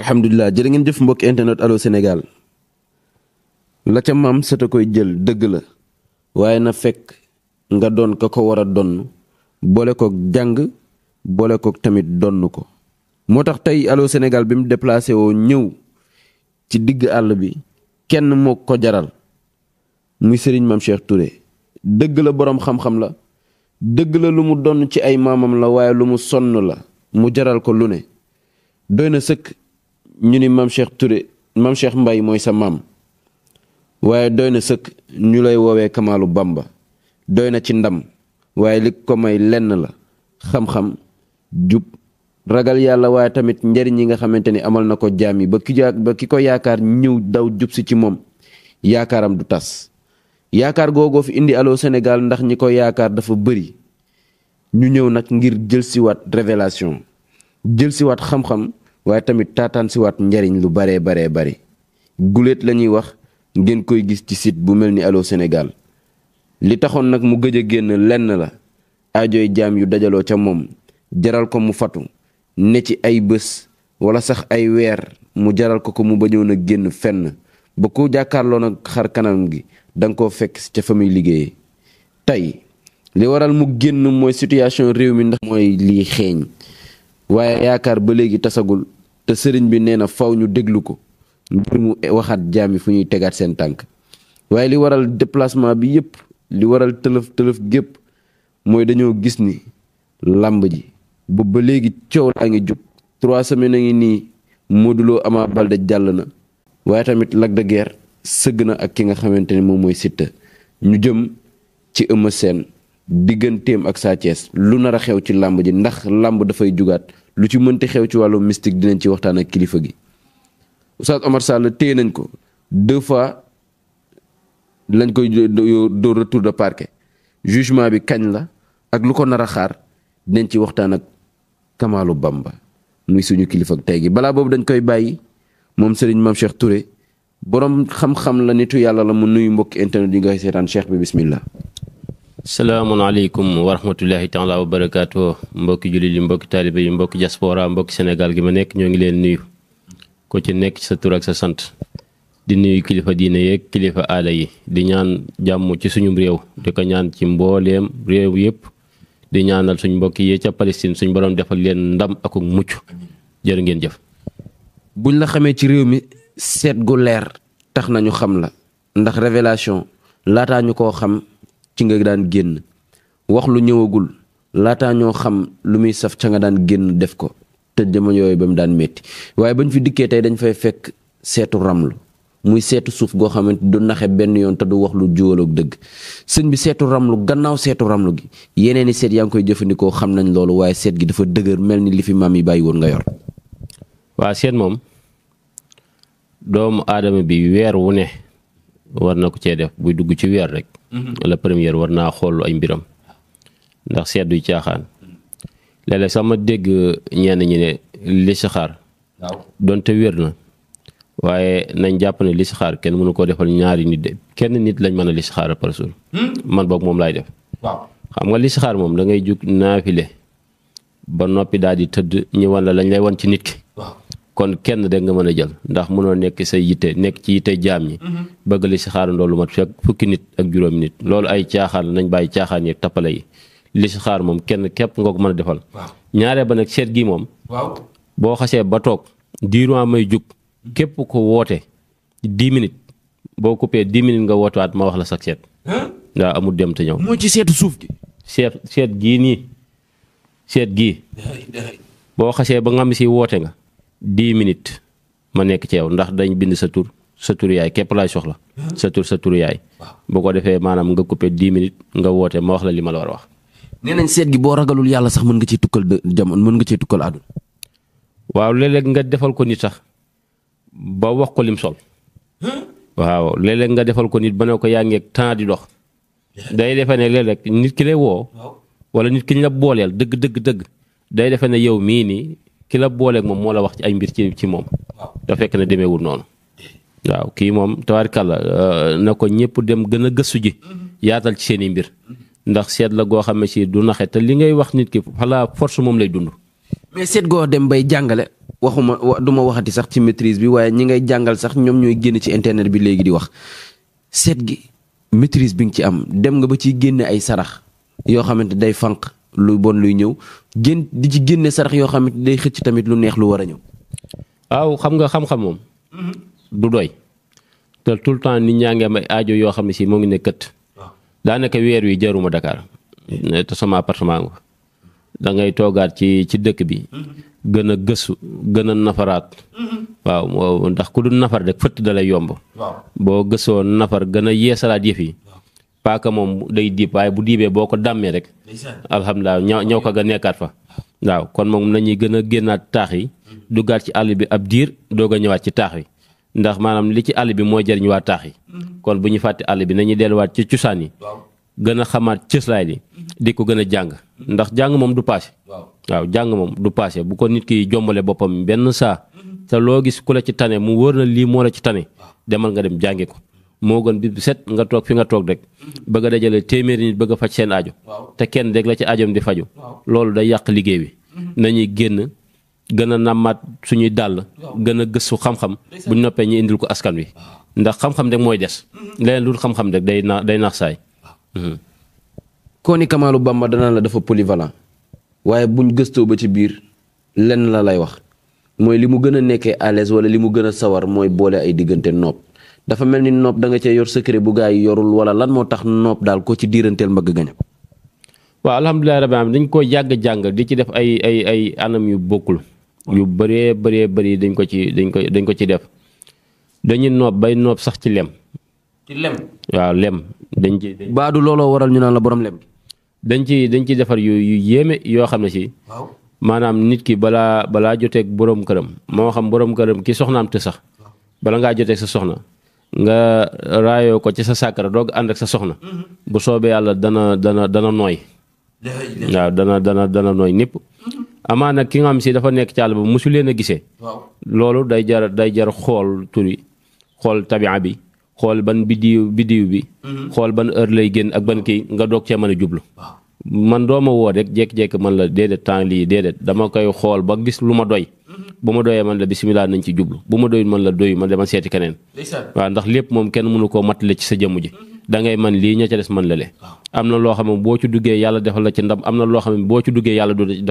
alhamdulilah jërë ngeen jëf mbokk internet allo Sénégal la ca maam sata koy jël dëgg la waaye na fekk nga doon ka ko war a donn boole kook jàng boole kook tamit donn ko moo tax tey allo Sénégal bi mu déplacé woo ñëw ci digg àll bi kenn moo ko jaral muy sëriñ maam Cheikh Touré dëgg la boroom xam-xam la dëgg la lu mu donn ci ay maamam la waaye lu mu sonn la mu jaral ko lu ne doy na sëkk ñu ni maam Cheikh Touré maam Cheikh Mbaye mooy sa maam waaye doy na sëkk ñu lay woowee Kamaalu Bamba doy na ci ndam waaye li ko may lenn la xam-xam jub ragal yàlla waaye tamit njariñ yi nga xamante ni amal na ko jaam yi ba ki ko yaakaar ñëw daw jub si ci moom yaakaaram du tas yaakaar googoo fi indi aloo Sénégal ndax ñi ko yaakaar dafa bëri ñu ñëw nag ngir jëlsiwaat révélation jëlsiwaat xam-xam waaye tamit taataan njariñ lu baree baree bari guléet lañuy wax ngeen koy gis ci sit bu mel ni Allô Sénégal li taxoon nag mu gëj a génn lenn la ajooy jaam yu dajaloo ca moom jaral ko mu fatu ne ci ay bés wala sax ay weer mu jaral ko ko mu bañoon a génn fenn ba ku jàkkaarloo nag xar kanam gi danga ko fekk ca fa muy liggéeyee tey li waral mu génn mooy situation réew mi ndax mooy lii xeeñ waaye yaakaar ba léegi tasagul te sëriñ bi nee na faw ñu déglu ko ngir mu waxaat jaami fu ñuy tegaat seen tànk waaye li waral déplacement bi yépp li waral tëlëf tëlëf gépp mooy dañoo gis ni làmb ji boobu ba léegi coow laa ngi jug trois semaine a ngi nii Modou Lo Ama Baldé jàll na waaye tamit Lac de sëgg na ak ki nga xamante ne moom mooy Siteu ñu jëm ci Eumeu seen digganteem ak Sa Thiès lu nar a xew ci làmb ji ndax làmb dafay jugaat lu ci mënti xew ci wàllu mystique dinañ ci waxtaan ak kilifa gi Oustaz Omar Sall téye nañ ko deux fois lañ koy doo retour de parquet jugement bi kañ la ak lu ko nar a xaar dinañ ci waxtaan ak Kamalu Bamba muy suñu kilifa ak tey gi balaa boobu dañ koy bàyyi moom Serigne Mame Cheikh Touré borom xam-xam la nitu yàlla la mu nuyu mbokki internet yi nga koy seetaan cheikh bi bismillah salaamaleykum wa rahmatullahi taala wa barakaatu mbokki jullit yi mbokki taalibe yi mbokki diaspora mbokki Sénégal gi ma nekk ñoo ngi leen nuyu ku ci nekk sa tur sa sant di nuyu kilifa diine yeeg kilifa aada yi di ñaan jàmm ci suñu réew di ko ñaan ci mbooleem réew yëpp di ñaanal suñu mbokk yee ca Palestine suñ borom defal leen ndam ak mucc jërë ngeen jëf. buñ la xamee ci réew mi seet gu leer tax nañu xam la ndax révélation laataa ci nga daan génn wax lu ñëwagul laataa ñoo xam lu muy saf ca nga daan génn def ko te jamono yooyu ba mu daan métti waaye bañ fi dikkee tey dañ fay fekk seetu ramlu muy seetu suuf goo xamante du naxe benn yoon te du wax lu juwaloog dëgg sëñ bi seetu ramlu gannaaw seetu ramlu gi yeneen i seet yaa ngi koy jëfandikoo xam nañ loolu waaye seet gi dafa dëgër mel ni li fi maam yi bàyyi woon nga yor. waa seet moom doomu aadama bi weer wu ne war na ko cee def buy dugg ci weer rek Mhm. la première war naa xool ay mbiram ndax seet du caaxaan léeg-léeg sax ma dégg ñenn ñi ne listixaar donte wér na waaye nañ jàpp ne listixaar kenn mënu koo defal ñaari nit de kenn nit lañ mën a listixaar par jour hmm? man boog moom laay def xam nga listixaar moom dangay ngay jug naafile ba noppi daal di tëdd ñi wan la lañ lay wan ci nit ki kon kenn de nga mën a jël ndax mënoo nekk say yitte nekk ci yitte jaam ñi mhm. bëgg li si xaar ndoolu mat fekk fukki nit ak juróomi nit loolu ay caaxaan nañ bàyyi caaxaan yi ak tappale yi li si xaar moom kenn képp nga ko mën a defal ñaaree ba nag seet gii moom boo xasee ba toog diiruwaa may jug képp ko woote dix minutes boo coupé dix minutes nga wootewaat ma wax la sax seet waaw amul dem te ñëw moo ci seetu suuf gi seet seet gii nii seet gii boo xasee ba nga xam si woote nga dix minutes ma nekk ci yow ndax dañ bind sa tur sa tur yaay képp laay soxla sa tur sa tur yaay. bu ko defee maanaam nga coupé dii minutes nga woote ma wax la li ma la war a wax. nee nañ seet gi boo ragalul yàlla sax mën nga cee tukkal jamono mën nga cee tukkal àdduna. waaw léeg nga defal ko nit sax ba wax ko lim sol. waaw léeg nga defal ko nit ba ne ko yaa ngeeg temps di dox. day defee ne léeg nit ki lay woo. wala nit ki ñu la booleel dëgg dëgg dëgg. day defee ne yow mii nii ki la booleeg moom moo la wax ci ay mbir ci moom. da fekk ne demeewul noonu. Eh. waaw kii moom tabaarkàlla euh, na ko ñëpp dem gën a gëstu ji mm-hmm. yaatal ci seen i mbir mm-hmm. ndax seet la goo xam ne si du naxe te li ngay wax nit ki xalaa force moom lay dund. mais seet goo dem bay jàngale waxuma du ma waxati sax ci maîtrise bi waaye ñi ngay jàngal sax ñoom ñooy génn ci internet bi léegi di wax seet gi maîtrise bi nga ci am dem nga ba ciy génne ay sarax yoo xamante day fànq lu bon luy ñëw génn di ci génne sarax yoo xam ne day xëcc tamit lu neex lu war a ñëw. waaw xam nga xam-xam moom. du doy. te tout le temps nit ñaa ngi am ay aajo yoo xam ne si moo ngi ne kët. daanaka weer wi jaruma dakaar hmm. te sama appartement nga da ngay toogaat ci ci dëkk bi. Hmm. gën a gëstu gën a nafaraat. Hmm. waaw ndax ku du nafar rek fëtt da yomb. boo gëstoo nafar gën a yeesalaat yëf yi. paaka moom day diib waaye bu diibee boo ko dàmmee rek alhamdulilah ñaw ñaw ko ga nekkaat fa waaw kon moom nañuy gën a génnaat taax yi duggaat ci àll bi ab diir doog a ñëwaat ci taax yi ndax maanaam li ci àll bi mooy jëriñ waa taax yi mhm. kon bu ñu fàtte àll bi nañuy delluwaat ci cosaan yi gën a xamaat cëslaay li di ko gën a jàng mhm. ndax jàng moom du paase waaw jàng moom du paase bu ko nit ki jombale boppam benn saa mhm. te loo gis ku la ci tane mu wóor na lii moo la ci tane demal nga dem jàngi ko moo gën bis set nga toog fi nga toog rek bëgg a dajale téeméeri nit bëgg a faj seen aajo te kenn rek la ci aajoom di faju loolu day yàq liggéey bi mhm. nañuy génn gën a nàmmaat suñuy dàll gën a gëstu xam-xam bu noppee ñu indil ko askan wi ndax xam-xam rek mooy des mhm. leneen lu xam-xam rek day na day naax saay mhm. Kooni Kamaalu Bamba dana la dafa polyvalent waaye buñ gëstoo ba ci biir lenn la lay wax mooy li mu gën a nekkee à l'aise wala li mu gën a sawar mooy boole ay diggante nopp dafa mel ni nopp da nga cee yor secret bu gaa yi yorul wala lan moo tax nopp daal ko ci diiranteel mbëgg gañam waaw alhamdulilah rabbil alamin dañ koo jàgg jàng di ci def ay ay ay anam yu bokkul yu bëree bëree bari dañ ko ci dañ ko dañ ko ci def dañuy noob bay noob sax ci lem. ci lem. waaw lem dañ ci. baadu looloo waral ñu naan la borom lem. dañ ci dañ ciy defar yu yu yéeme yoo xam ne si. maanaam nit ki balaa balaa joteeg borom këram moo xam borom këram ki soxnaam sax. bala ngaa joteeg sa soxna. nga raayoo ko ci sa sàkkara doog ànd ak sa soxna mm-hmm. bu soobee yàlla dana dana dana nooy waaw dana dana dana nooy ñëpp mm-hmm. amaana ki nga xam si dafa nekk ci àll ba mosu leen a gise loolu day jar day jar xool turi xool tabia bi xool ban biddiw biddiw bi mm-hmm. xool ban heure lay génn ak ban kii nga doog cee mën a jublu man dooma woo rek jekk-jekk man la déedéet temps lii déedéet dama koy xool ba gis lu ma doy bu ma doyee man la bisimilah nañ ci jublu bu ma doyul man la doyu man dama seeti keneen. waaw ndax lépp moom kenn mënu koo matale ci sa jëmm ji. Mhm. da ngay man lii ña ca des man la le am na loo xam ne boo ci duggee yàlla defal la ci ndam am na loo xam ne boo ci duggee yàlla du ci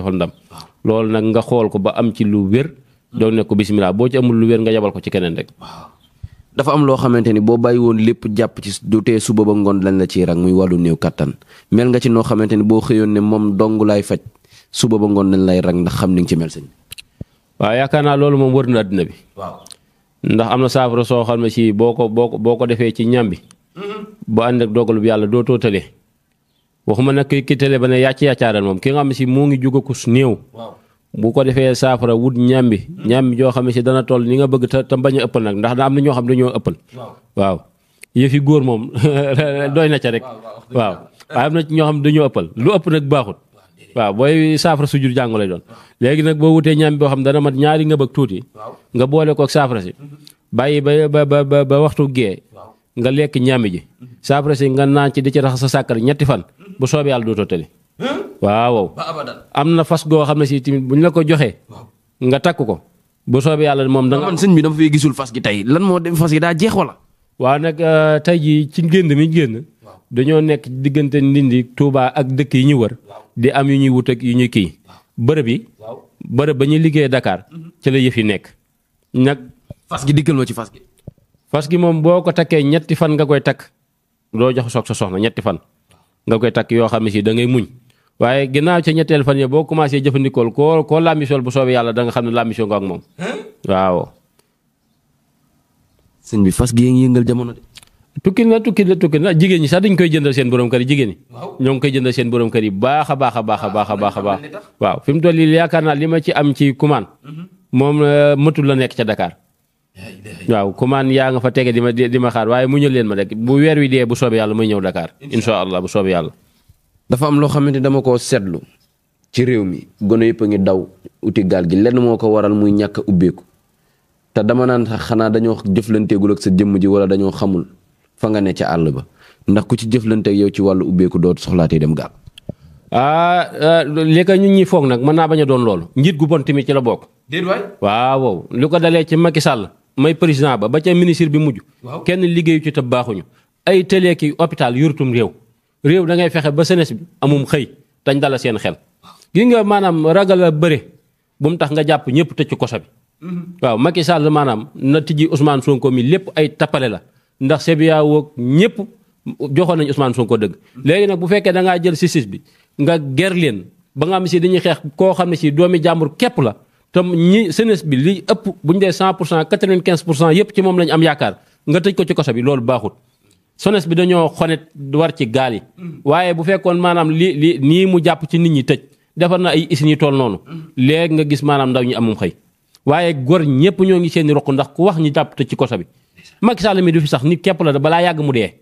loolu nag nga xool ko ba am ci lu wér mhm. doog ne ko bisimilah boo ci amul lu wér nga yabal ko ci keneen rek dafa am loo xamante ni boo bàyyi woon lépp jàpp ci du tee suba ba ngoon lañ la ciy rang muy wàllu néew kattan mel nga ci noo xamante ni boo xëyoon ne moom dong faj suba ba ngoon lay rang ndax xam ni nga ci mel sëñ waaye yaakaar naa loolu moom wër na àddina bi. waaw ndax am na saafara soo xam ne si boo ko boo ko boo ko defee ci ñam bi. Mm-hmm. ba ànd ak dogal bu yàlla doo too tootalee. waxuma nag ki tële ba ne yàcc yàccaaral moom ki nga xam ne si moo ngi jug ko néew. bu ko defee saafara wut ñam bi. Mm-hmm. ñam bi joo xam ne si dana toll ni nga bëgg te te bañ a ëppal nag ndax am na ñoo xam ne dañoo ëppal. waaw yëfi góor moom dooy na ca rek. waaw waaye am na ñoo xam ne dañoo ëppal lu ëpp nag baaxut. waaw booy saafara su jur jàngo lay doon léegi nag boo wutee ñaam boo xam dana mat ñaari nga bëgg tuuti nga boole kook saafara si bàyyi ba ba ba ba waxtu gee nga lekk ñaami ji saafara si nga naan ci di ci rax sa sàkkar ñetti fan bu soobee yàlla dootoo tëli waaw am na fas goo xam ne si tamit buñ la ko joxee nga takk ko bu soobee yàlla moom da nga señ sëñ bi dama fay gisul fas gi tey lan moo dem fas yi daa jeex wala waaw nag euh, tey ji ci génn mi génn dañoo nekk diggante ndindi Touba ak dëkk yi ñu wër di am yu ñuy wut ak yu ñuy kii bërëb yi bërëb ba ñuy liggéeyee dakaar mhm. ci la yëf yi nekk nag fas gi diggal ma ci fas gi fas moom boo ko takkee ñetti fan nga koy takk doo jox soog sa soxna ñetti fan nga koy takk yoo xam ne si da ngay muñ waaye ginnaaw ca ñetteel fan ya boo commencé jëfandikool koo koo làmmisool bu soobee yàlla danga xam ne làmmisoo nga ak moom waaw bi fas gi tukki na tukki na tukki na jigéen ñi sax dañ koy jëndal seen borom kër yi jigéen ñi. ñoo ngi koy jëndal seen borom kër yi baax a baax a baax a baax a baax a baax. Ah, waaw fi toll nii yaakaar naa li ma ci am ci kumaan. Mhm. moom euh, mëtul la nekk ca dakaar waaw kumaan yaa nga fa tege di ma di ma xaar waaye mu ñëw leen ma rek bu weer wi dee bu soobee yàlla muy ñëw Dakar. incha allah bu soobee yàlla. dafa am loo xamante dama koo seetlu ci réew mi gone yépp a ngi daw uti gaal gi lenn moo ko waral muy ñàkk ubbeeku te dama naan xanaa dañoo jëflanteegul ak sa jëmm ji wala dañoo xamul fa nga ne ca àll ba ndax ku ci jëflante yow ci wàllu ubbeeku dootu soxlaatee dem gaal. Ah, ah léegi ñun ñi foog nag mën naa bañ a doon loolu njiit gu bon tamit ci la bokk. déet waay waaw lu ko dalee ci Macky Sall may président ba ba ca ministre bi mujj. waaw kenn liggéeyu ci te baaxuñu. ay télé ki hôpital yorutum réew réew da ngay fexe ba senes bi amum xëy dañ dala seen xel. gi nga maanaam ragal a bëre bu mu tax nga jàpp ñëpp tëj ci koso bi. Mm-hmm. waaw Macky maanaam na tijji Ousmane Sonko mi ay tappale la. ndax CBA woog ñëpp joxoon nañu Ousmane ko dëgg. léegi nag bu fekkee da ngaa jël justice bi nga ger leen ba nga am si dañuy xeex koo xam ne si doomi jàmbur képp la te ñi jeunesse bi li ëpp bu ñu dee 100 pour cent 95 pour cent yëpp ci moom la am yaakaar nga tëj ko ci koso bi loolu baaxut. jeunesse bi dañoo xonet war ci gaal yi. waaye bu fekkoon maanaam lii lii nii mu jàpp ci nit ñi tëj defar na ay usines yu noonu. léegi nga gis maanaam ndaw ñi amum xëy. waaye góor ñëpp ñoo ngi seen i roq ndax ku wax ñu jàpp tëj ci koso bi Macky Sall mi du fi sax nit képp la balaa yàgg mu dee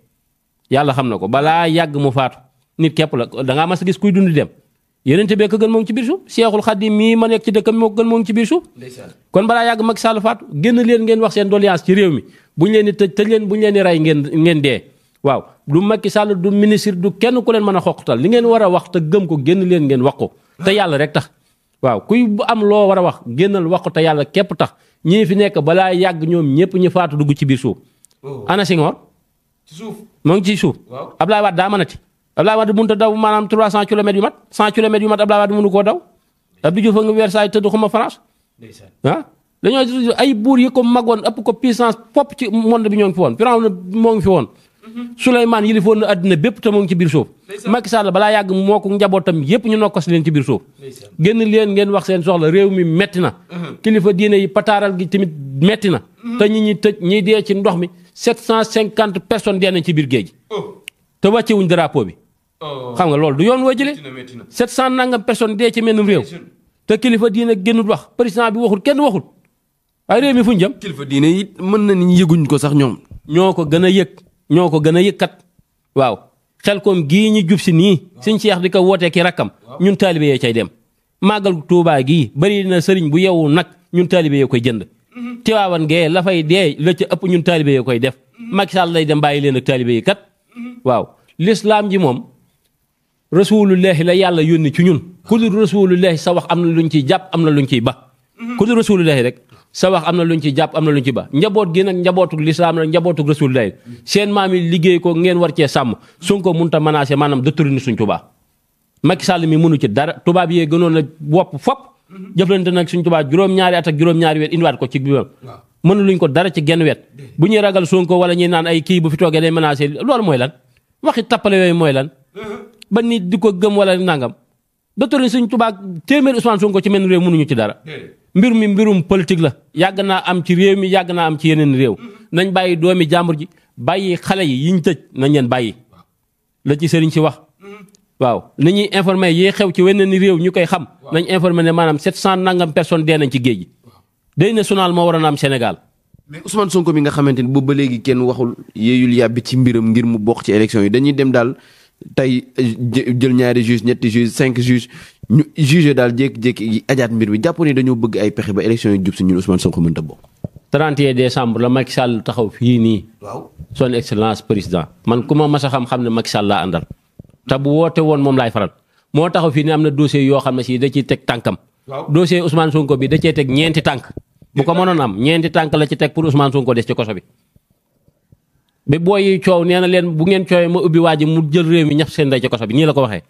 yàlla xam na ko balaa yàgg mu faatu nit képp la da ngaa mas a gis kuy dund dem te bee ko gën moom ci biir suuf Seexul Xaadim mii ma nekk ci dëkkam moo ko gën moom ci biir suuf kon balaa yàgg Macky Sall faatu génn leen ngeen wax seen doléance ci réew mi bu ñu leen di tëj tëj leen bu ñu leen di rey ngeen ngeen dee waaw du Macky Sall du ministre du kenn ku leen mën a xoqtal li ngeen war a wax te gëm ko génn leen ngeen wax ko te yàlla waaw kuy bu am loo war a wax génnal wax ko te yàlla képp tax ñii fi nekk balaa yàgg ñoom ñëpp ñu faatu dugg ci biir suuf. Oh. ana Senghor. ci suuf moo ngi ci suuf. waaw Abdoulaye Wade daa mënati. Abdoulaye Wade mënut a daw maanaam 300 kilomètres yu mat 100 kilomètres yu mat Abdoulaye Wade mënu koo daw. Abdou Diouf a ngi Versailles tëdd xuma France. ah dañoo ay buur yi ko magoon ëpp ko puissance pop ci monde bi ñoo fi woon Firawna moo ngi fi woon. Mhm. Souleymane yilifoon na àddina bépp te mu ngi ci biir suuf Macky Sall balaa yàgg moo ko njabootam yépp ñu nokkos leen ci biir suuf génn leen ngeen wax seen soxla réew mi metti na mhm. kilifa diine yi pataaral gi tamit metti na mhm. te ñi ñi tëj ñi dee ci ndox mi sept cent cinquante personnes dee nañ ci biir géej oh. te wàccewuñ drapeau bi oh. xam nga loolu du yoon woo jëlee sept cent nangam personnes dee ci mennum réew te kilifa diine génnul wax président bi waxul kenn waxul waaye réew mi kilifa diine mën na ni yëguñ ko sax ñoom ñoo ñoo ko gën a yëkkat waaw xel koom gii ñu jub si nii sëñ Cheikh di ko wootee ki rakkam ñun taalibe yee cay dem màggal Tuubaa gii bari na sëriñ bu yeewu nag ñun taalibe yee koy jënd mm-hmm. Tiwaawan gee la fay dee la ëpp ñun taalibe yee koy def mm-hmm. Macky lay dem bàyyi leen ak taalibe yi kat mm-hmm. waaw lislaam ji moom rasulullahi la yàlla yónni ci ñun ku dul rasulullahi sa wax am na luñ ciy jàpp am na luñ ciy ba ku dul rasulullahi rek sa wax am na luñ ci jàpp am na luñ ci ba njaboot gi nag njabootuk lislaam la njabootug rasul lay seen maam yi liggéey ko ngeen war cee sàmm Sonko mënut a menacé maanaam dëtëriñu suñ Touba. Macky Sall mi mënu ci dara tubaab yee gënoon la wopp fop mhm. jëflante nag suñ Touba juróom-ñaari at juróom-ñaari wet indiwaat ko ci biiram mënu luñ ko dara ci genn wet bu ñuy ragal Sonko wala ñuy naan ay kii bu fi toogee day menacé loolu mooy lan waxi tappale yooyu mooy lan uh-huh. ba nit di ko gëm wala nangam. docteur suñ Sëñ Tuubaa téeméeri Ousmane Sonko ci menn réew mënuñu ci dara mbir mi mbirum politique la yàgg naa am ci réew mi yàgg naa am ci yeneen réew mm-hmm. nañ bàyyi doomi jàmbur ji bàyyi xale yi yiñ tëj nañ leen bàyyi la ci sëriñ si wax mm-hmm. waaw ni ñuy informé yi xew ci weneen ni réew ñu koy xam nañ informé ne maanaam 700 nangam personne dee nañ ci géej gi day national moo waroon a am Sénégal mais Ousmane Sonko mi nga xamante ni boobu ba léegi kenn waxul yéeyul yàbbi ci mbiram ngir mu bokk ci élection yi dañuy dem daal tey eh, jël ñaari juge ñetti juge cinq juge ñu juge daal jékki-jékki ajaat mbir mi jàpp ni dañoo bëgg ay pexe ba élection yi jub si ñun Ousmane Sonko mënta bokk. 31 décembre la Macky Sall taxaw fii nii. waaw son excellence président man ku ma mas a xam-xam ne Macky Sall laa àndal. te bu woote woon moom laay faral moo taxaw fii nii am na dossier yoo xam ne si da ciy teg tànkam. waaw dossier Ousmane Sonko bi da cee teg ñeenti tànk. bu ko mënoon am ñeenti tànk la ci teg pour Ousmane Sonko des ci koso bi. ba booy yi coow nee na leen bu ngeen coowee ma ubbi waa ji mu jël réew mi ñax seen ndey ci koso bi nii la ko waxee.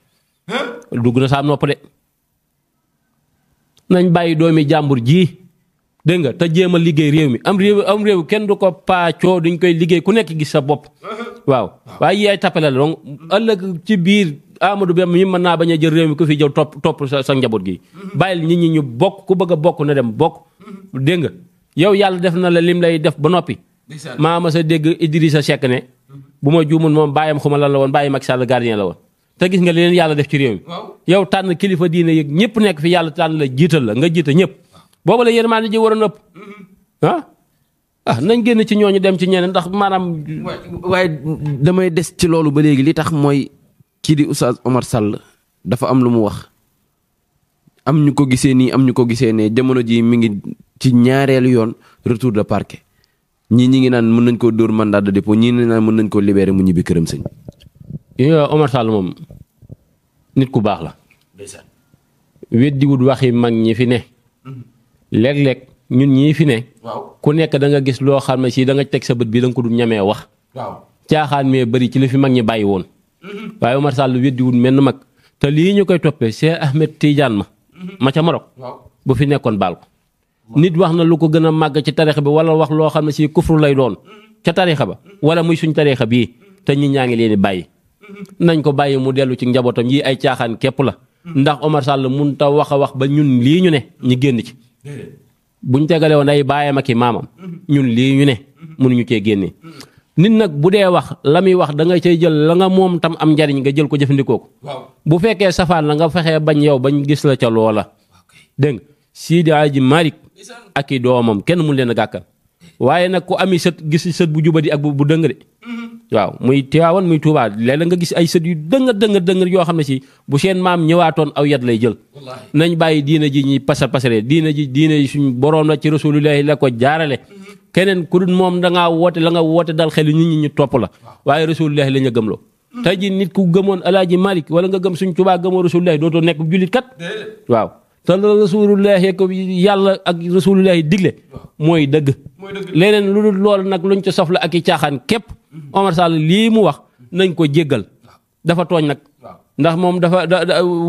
dugg na saa nopp de. nañ bàyyi doomi jàmbur ji dégg nga te jéem a liggéey réew mi am réew am réew kenn du ko paacoo duñ koy liggéey ku nekk gis sa bopp. waaw waaye yaay tappale la donc ëllëg ci biir Amadou Ba mi mën naa bañ a jël réew mi ku fi jël topp topp sa sa njaboot gi. Mhm. bàyyil nit ñi ñu bokk ku bëgg a bokk na dem bokk. Mhm. dégg nga yow yàlla def na la lim lay def ba noppi. maa ma sa dégg sa Seck ne bu ma juumoon moom bàyyam ma lan la woon bàyyi Macky Sall gardien la woon te gis nga leen yàlla def ci réew mi yow tànn kilifa diine yëg ñëpp nekk fi yàlla tànn la jiital la nga jiital ñëpp booba la yërmaande ji war a mm-hmm. ah ah nañ génn ci ñooñu dem ci ñeneen ndax maanaam waaye damay des ci loolu ba léegi li tax mooy kii di Oustaz Omar Sall dafa am lu mu wax am ñu ko gisee nii am ñu ko gisee ne jamono ji mi ngi ci ñaareelu yoon retour de parquet ñii ñi ngi naan mën nañ koo dóor mandat de dépôt ñii naan mën nañ koo libéré mu ñibbi këram sëñ. Omar Sall moom nit ku baax la. weddi wut waxi mag ñi fi ne. Mhm. léeg-léeg ñun ñii fi ne. ku nekk da nga gis loo xam ne si danga teg sa bët bi danga ko du ñamee wax. caaxaan mee bari ci li fi mag ñi bàyyi woon. Mhm. waaye Omar Sall weddi wut menn mag. te lii ñu koy toppee Cheikh Ahmed Tidiane ma. Mhm. ma ca Maroc. bu fi nekkoon baal ko. nit wax na lu ko gën a màgg ci tarixa bi wala wax loo xam ne si kufru lay doon ca tarixa ba wala muy suñ tarixa bii te ñi ñaa ngi leen di bàyyi nañ ko bàyyi mu dellu ci njabootam yi ay caaxaan képp la ndax Omar Sall mun ta wax a wax ba ñun lii ñu ne ñu génn ci buñ tegale woon ay baayam ak maamam ñun lii mu ne mënuñu cee génnee nit nag bu dee wax la muy wax da nga jël la nga moom tam am njariñ nga jël ko jëfandikoo ko bu fekkee safaan la nga fexee bañ yow bañ gis la ca Seydi Aji Malick ak i doomam kenn mun leen a gàkkal waaye nag ku ami sët gis sët bu jubadi ak bu dëng de waaw muy Tiwaawan muy Tuubaa léeg la nga gis ay sët yu dëng dëng dëng yoo xam ne si bu seen maam ñëwaatoon aw yat lay jël nañ bàyyi diina ji ñuy pasar pasare diina ji diina ji suñu boroom la ci rasulullahi la ko jaarale keneen ku dul moom da ngaa woote la nga woote dal xel nit ñi ñu topp la waaye rasulullahi la ñu gëmloo tey ji nit ku gëmoon alaaji Malick wala nga gëm suñ Tuubaa gëmoo rasulullahi dootoo nekk jullit kat te la rasulullahi ko yàlla ak rasulullahi digle mooy dëgg leneen lu dul loolu nag luñ ci sofla ak i caaxaan képp Omar lii mu wax nañ ko jéggal dafa tooñ nag ndax moom dafa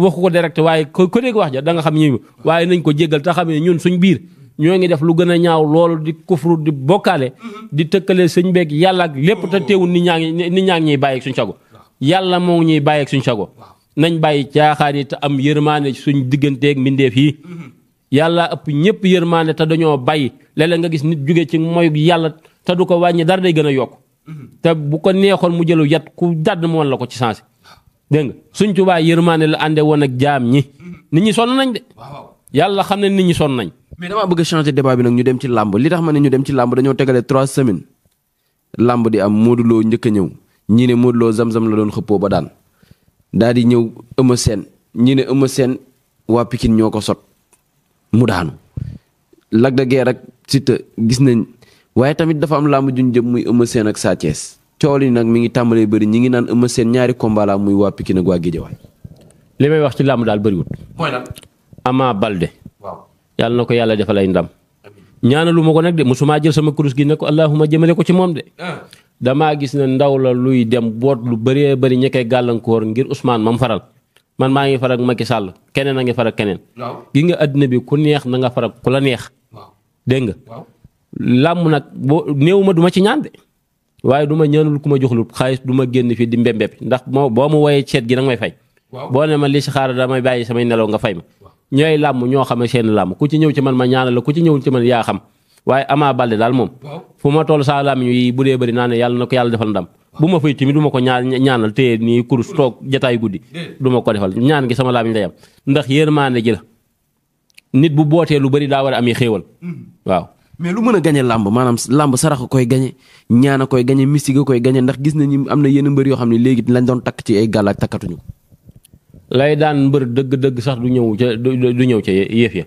waxu ko direct waaye ko ko dégg wax ja da nga xam ñi waaye nañ ko jéggal te xam ne ñun suñ biir ñoo ngi def lu gën a ñaaw loolu di kufru di bokkaale mm-hmm. di tëkkale sëñ beeg yàlla ak lépp te oh. teewul nit ñaa ngi nit ñaa ngi ñuy bàyyi ak suñ sago yàlla moo ngi ñuy bàyyi ak suñ sago nañ bàyyi caaxaan yi te am yërmaane suñ digganteeg mbindeef yi yàlla ëpp ñëpp yërmaane te dañoo bàyyi léeg nga gis nit jóge ci moy yàlla te du ko wàññi dara day gën a yokk te bu ko neexoon mu jëlu yat ku jàdd mu la ko ci sens dégg nga suñ tubaa yërmaane la ànde woon ak jaam ñi nit ñi sonn nañ de yàlla xam ne nit ñi sonn nañ mais damaa bëgg a changer nag ñu dem ci làmb li tax ma ne ñu dem ci làmb dañoo tegale trois semaines lamb di am Modou Lo njëkk ñëw ñii ne Modou Lo zam-zam la doon xëppoo ba daan daal di ñëw Eumeu Sène ñi ne Eumeu Sène waa Pikine ñoo ko sot mu daanu Lac de Guiers ak Siteu gis nañ waaye tamit dafa am làmb juñ jëm muy Eumeu Sène ak Sa Thiès coow li nag mi ngi tàmbalee bëri ñi ngi naan Eumeu Sène ñaari combat la muy waa Pikine ak waa Guédiawaye li may wax ci làmb daal bariwut mooy lan Ama Balde waaw yàlla na ko yàlla defal ay ndam ñaanalu ko nag de mosumaa jël sama kurus gi ne ko allahuma jëmale ko ci moom de ah. damaa gis ne ndaw la luy dem boot lu bëree bëri ñi gàllankoor ngir Ousmane mam faral man maa ngi farak Macky sàll keneen a ngi faral keneen. gi nga àddina bi ku neex na nga farak ku la neex. dégg nga. làmm nag boo néew ma du ma ci ñaan de waaye du ma ñaanul ku ma jox lu xaalis du ma génn fii di mbembeb ndax moo boo ma woyee ceet gi nag may fay. boo ne ma li si xaar damay bàyyi samay nelaw nga fay ma. ñooy làmm ñoo xam ne seen làmm ku ci ñëw ci man ma ñaanal la ku ci ñëwul ci man yaa waaye Ama Baldé daal moom fu ma toll saa làmmiñ yi bu dee bëri naa ne yàlla na ko yàlla defal ndam bu ma fay tamit du ma ko ñaan ñaanal téye nii kurus toog jataay guddi du ma ko defal ñaan gi sama làmmiñ lay ndax ndax yërmaande ji la nit bu bootee lu bëri daa war a amee xéewal mm-hmm. waaw mais lu mën a gañe làmb maanaam làmb sarax a koy gañe ñaana a koy gañe mystique koy gañe ndax gis nañu am na yenn mbër yoo xam ne léegi lañ doon takk ci ay gàllaaj takkatuñu lay daan mbër dëgg-dëgg sax du ñëw ca du ñëw ca yëf ya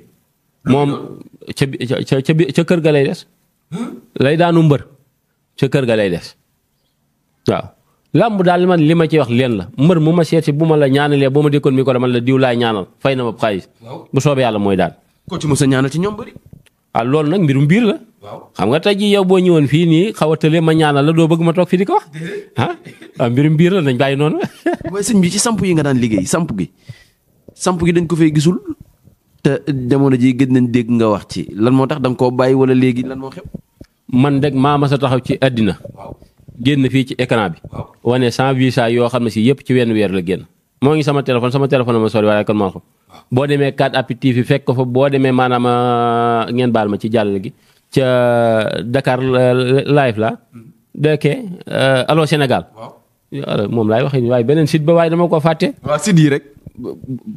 moom ca ca ca ca kër ga lay des. lay daanu mbër ca kër ga lay des waaw. làmb daal man li ma ci wax leen la mbër mu ma seet si bu ma la ñaanalee boo ma dékkoon mi ko man la diw laay ñaanal fay na ma xaalis. bu soobee yàlla mooy daal. ko ci mos a ñaanal ci ñoom bëri. ah loolu nag mbirum biir la. xam nga tey jii yow boo ñëwoon fii nii xaw a tëlee ma ñaanal la doo bëgg ma toog fi di ko wax. Ah, ah mbirum biir la nañ bàyyi noonu. waaye sëñ bi ci samp yi nga daan liggéey samp gi samp gi dañ ko fay te jamono ji gëj nañ nga wax ci lan moo tax da nga koo bàyyi wala léegi lan moo xew. man rek maa mas a taxaw ci àddina. génn fii ci écran bi. waaw wane sans visa yoo xam ne si yëpp ci wenn weer la génn. moo ngi sama téléphone sama téléphone ma sori waaye kon moo ko. boo demee 4appuis TV fekk ko fa boo demee maanaam euh, ngeen baal ma ci jàll gi. ca euh, Dakar euh, live la. dëkk hmm. Allô Sénégal. waaw moom laay waxee waaye beneen site ba waaye dama ko fàtte. waaw site yi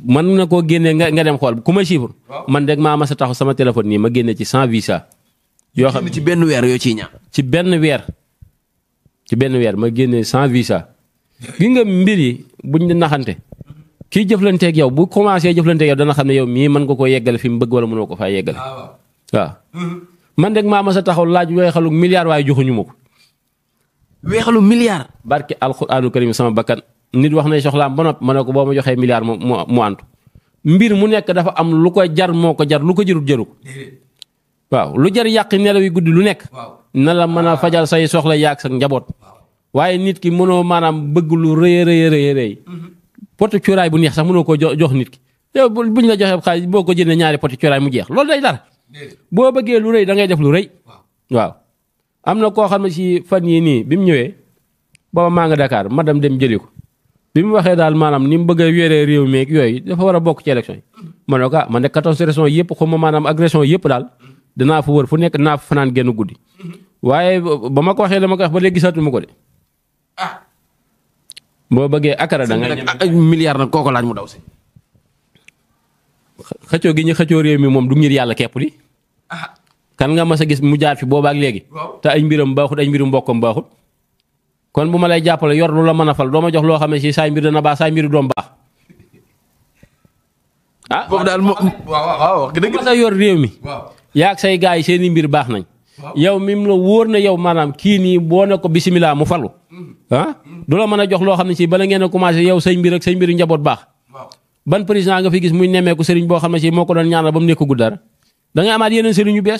man na koo génnee nga nga dem xool ku ma chiffre. man rek maa ma sa taxu sama téléphone nii ma génne ci sans visa. yoo xam ci benn weer yoo ciy ñaan. ci benn weer ci benn weer ma génne san visa gi nga mbir yi buñ di naxante kii jëflanteeg yow bu commencé jëflanteeg yow dana xam ne yow mii mën nga koo yeggale fi mu bëgg wala mënoo ko faa yeggale. Ah, waaw mm-hmm. man rek maa ma sa taxaw laaj weexalu milliard waaye joxuñu ma ko. weexalu milliard. barke alxuraanu karim sama bakkan nit wax nay soxlaa ba noppi ma ko boo ma joxee milliard mu mu antu mbir mu nekk dafa am lu ko jar moo ko jar lu ko jarut jaru waaw lu jar yàq nelaw yi guddi lu nekk na la mën a fajal say soxla yaag sa njaboot waaye nit ki mënoo maanaam bëgg lu rëy rëy rëy rëy mm-hmm. poti cuuraay bu neex sax mënoo ko jox nit ki yow buñ la joxee xaalis boo ko jëndee ñaari poti cuuraay mu jeex loolu day dara boo bëggee lu rëy da def lu rëy waaw am na koo xam ne si fan yii nii bi mu ñëwee booba maa nga Dakar ma dem dem jëli ko bi mu waxee daal maanaam ni mu bëgg a weeree réew mi ak yooyu dafa war a bokk ci élection yi ma ne ko ah man de 14 régions yëpp xaw ma maanaam agression yëpp daal danaa fa wër fu nekk dinaa fa fanaan genn guddi waaye ba ma ko waxee dama ko ba léegi gisatu ko de. Ah. bëggee akara da nga. na milliard nag mu daw si. xëccoo gi ñu xëccoo réew mi moom du ngir yàlla képp di. Ah. kan nga mas a gis mu jaar fi boobaak léegi. te ay mbiram baaxut ay mbirum mbokkam baaxut. kon bu ma lay jàppale yor lu la mën a fal doo ma jox loo xam ne si saay mbir dana baax saay mbir doom baax. ah boobu daal moom waaw yor réew mi. yaag say gars yi seen i mbir baax nañ. yow mim la wóor na yow maanaam kii nii boo ne ko bisimilah mu falu. Mm-hmm. ah du la mën a jox loo xam ne si bala ngeen a commencé yow say mbir ak say mbiru njaboot baax. ban président nga fi gis muy nemmeeku sëriñ boo xam ne si moo ko doon ñaanal ba mu nekk guddar da ngay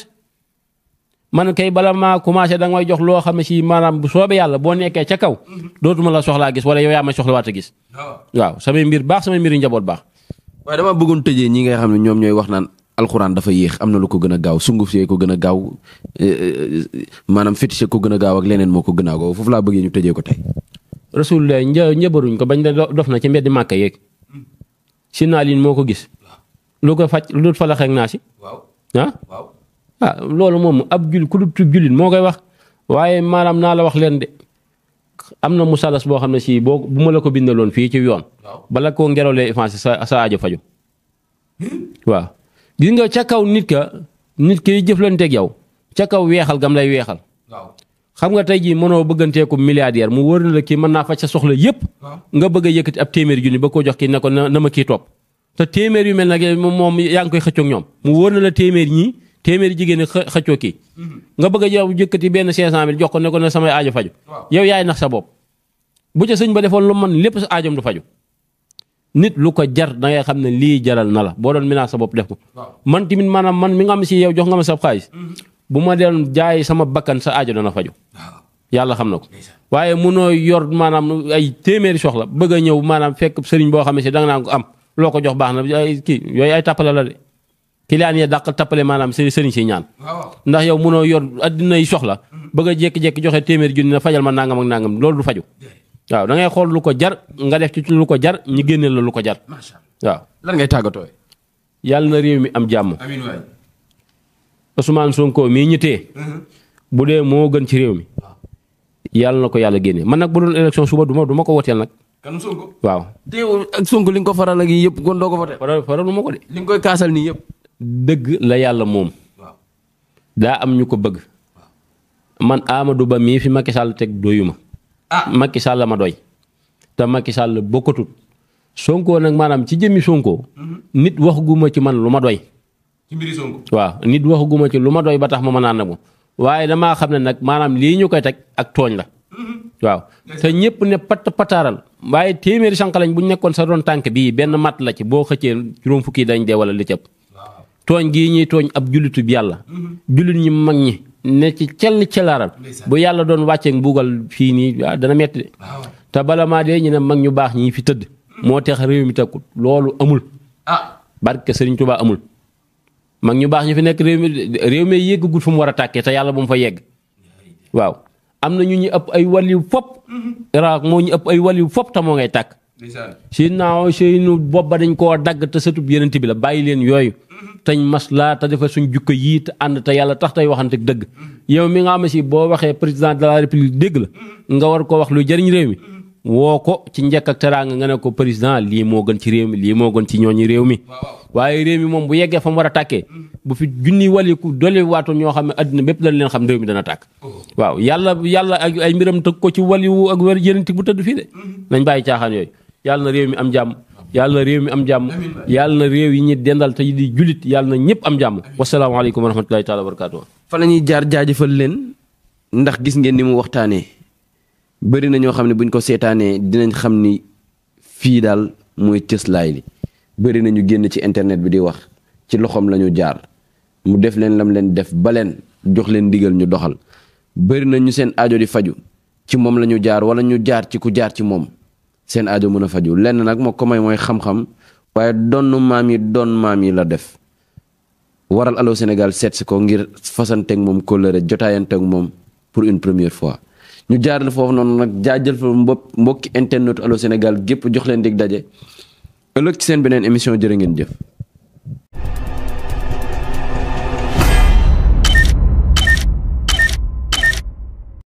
man kay bala maa commencé da may jox loo xam ne si maanaam bu soobee yàlla boo nekkee ca kaw dootuma la soxlaa gis wala yow yaa ma soxlawaat a gis. waaw samay mbir baax samay mbir njaboot baax. waaye dama bëggoon tëjee ñi ngay xam ne ñoom ñooy wax naan alxuraan dafa yéex am na lu ko gën a gaaw sunguf see ko gën a gaaw eh, eh, maanaam fétiche ko gën a gaaw ak leneen moo ko gën a gaaw foofu laa bëggee ñu tëjee ko tey. rasulullah njëbaruñ ko bañ la dof na ci mbedd màkk yeeg hmm. si naa naalin moo ko gis. lu ko faj lu dul falax naa si. waaw ah. ah loolu moom ab jul ku dub jullit moo koy wax waaye maanaam naa la wax leen de am na musalas boo xam ne si boo bu ma la ko bindaloon fii ci yoon. bala koo ngelaw effacé sa sa aajo faju hmm? waaw gis nga ca kaw nit ka nit ki jëflanteeg yow ca kaw weexal gam lay weexal. xam nga tey jii mënoo bëgganteeku milliardaire mu wër na la kii mën naa faj sa soxla yëpp. nga bëgg a yëkkati ab téeméer junni ba koo jox kii ne ko na ma kii topp. te téeméer yu mel nag moom yaa ngi koy xëccoog ñoom mu téeméeri jigéen ñi xëccoo kii mm-hmm. nga bëgg a yow jëkkati benn 500000 jox ko ne ko ne samay aajo faju yow yaay nax sa bopp bu ca sëñ ba defoon lu man lépp sa aajom du faju nit lu ko jar da ngay xam ne lii jaral na la boo doon minaa sa bopp def ko man tamit maanaam man mi nga xam si yow jox nga ma sa xaalis mm-hmm. bu ma doon jaay sama bakkan sa aajo dana faju yàlla xam na ko waaye munoo yor maanaam ay téeméeri soxla bëgg a ñëw maanaam fekk sëriñ boo xam kilaan ya dàqal tappale maanaam sëriñ si ñaan ndax yow mënoo yor addina yi soxla mm-hmm. bëgg a jékki-jékki joxe téeméer junni na fajal ma nangam ak nangam loolu du faju waaw da ngay xool lu ko jar nga def ci lu ko jar ñi génne la lu ko jar waaw lan ngay tàggatoo yàlla na réew mi am jàmm amiin waay Ousmane Sonko mii ñu téye mm-hmm. bu dee moo gën ci réew mi yàlla na ko yàlla génne man nag bu doon élection suba duma duma ko woteel nag waaw. teewul ak Sonko li nga ko faral ak yii dëgg la yàlla moom daa am ñu ko bëgg man Amadou Ba mii fi Macky Sall teg doyuma ma ah. Macky Sall ma doy te Macky Sall bokkatut Sonko nag maanaam ci jëmmi Sonko mm-hmm. nit wax guma ci man lu ma doy waaw nit wax ma ci lu ma doy ba tax ma mën a nagu waaye damaa xam ne nag maanaam lii ñu koy teg ak tooñ la mm-hmm. waaw te ñëpp ne pat pataaral waaye téeméeri sànq lañ bu ñu nekkoon sa doon tànk bii benn mat la ci boo xëccee juróom fukkii dañ dee wala li tooñ gii ñuy tooñ ab jullitub yàlla. Mhm. jullit ñi mag ñi ne ci cell celaaral bu yàlla doon wàcceeg mbugal fii nii ah, dana metti de. te bala maa dee ñu ne mag ñu baax ñi fi tëdd. Mhm. moo teex réew mi takkut loolu amul. ah barke Serigne Touba amul. mag ñu baax ñu fi nekk réew mi réew mi yéggagul fu mu war a tàkkee te yàlla bu mu fa yegg waaw am na ñu ñu ëpp ay waliw fop mhm. Irak moo ñu ëpp ay waliw fop te moo ngay tàkk. si naaw si nu ba dañ koo dagg te sëtub yeneen bi la bàyyi leen yooyu. tañ maslaa te defar suñ jukko yii te ànd te yàlla tax tey waxante dëgg yow mi nga xam si boo waxee président de la dégg la nga war ko wax lu jëriñ réew mi woo ko ci njekk ak teraanga nga ne ko président lii moo gën ci réew mi lii moo gën ci ñooñu réew mi waaye réew mi moom bu yeggee fa mu war a tàkkee bu fi junni waliku doli waatoon ñoo xam ne addina bépp dañ leen xam réew mi dana tàkk oh. waaw yàlla yàlla ak ay mbiram tëg ko ci waliwu ak wér jërinti bu tëdd fii de mm-hmm. nañ bàyyi caaxaan yooyu yàlla réew mi am jàmm yàlla na réew mi am jàmm yàlla na réew yi ñuy dendal te di julit yàlla na ñëpp am jàmm wasalaamaaleykum wa rahmatulahi taala wa barakaatu fa la ñuy jaar jaajëfal leen ndax gis ngeen ni mu waxtaanee bëri na ñoo xam ne buñ ko seetaanee dinañ xam ni fii daal mooy cëslaay li bëri na ñu génn ci internet bi di wax ci loxoom la ñu jaar mu def leen lam leen def ba leen jox leen ndigal ñu doxal bëri na ñu seen ajo di faju ci moom la ñu jaar wala ñu jaar ci ku jaar ci moom seen aajo mën a faju lenn nag moo ko may mooy xam-xam waaye donn maam yi doon maam yi la def waral Allô Sénégal seet si ko ngir fasanteeg moom kóllëre jotaayanteeg moom pour une première fois ñu jaarale foofu noonu nag jaajël fa mbopp mbokki internet Allô Sénégal gépp jox leen dig daje ëllëg ci seen beneen émission jërë ngeen jëf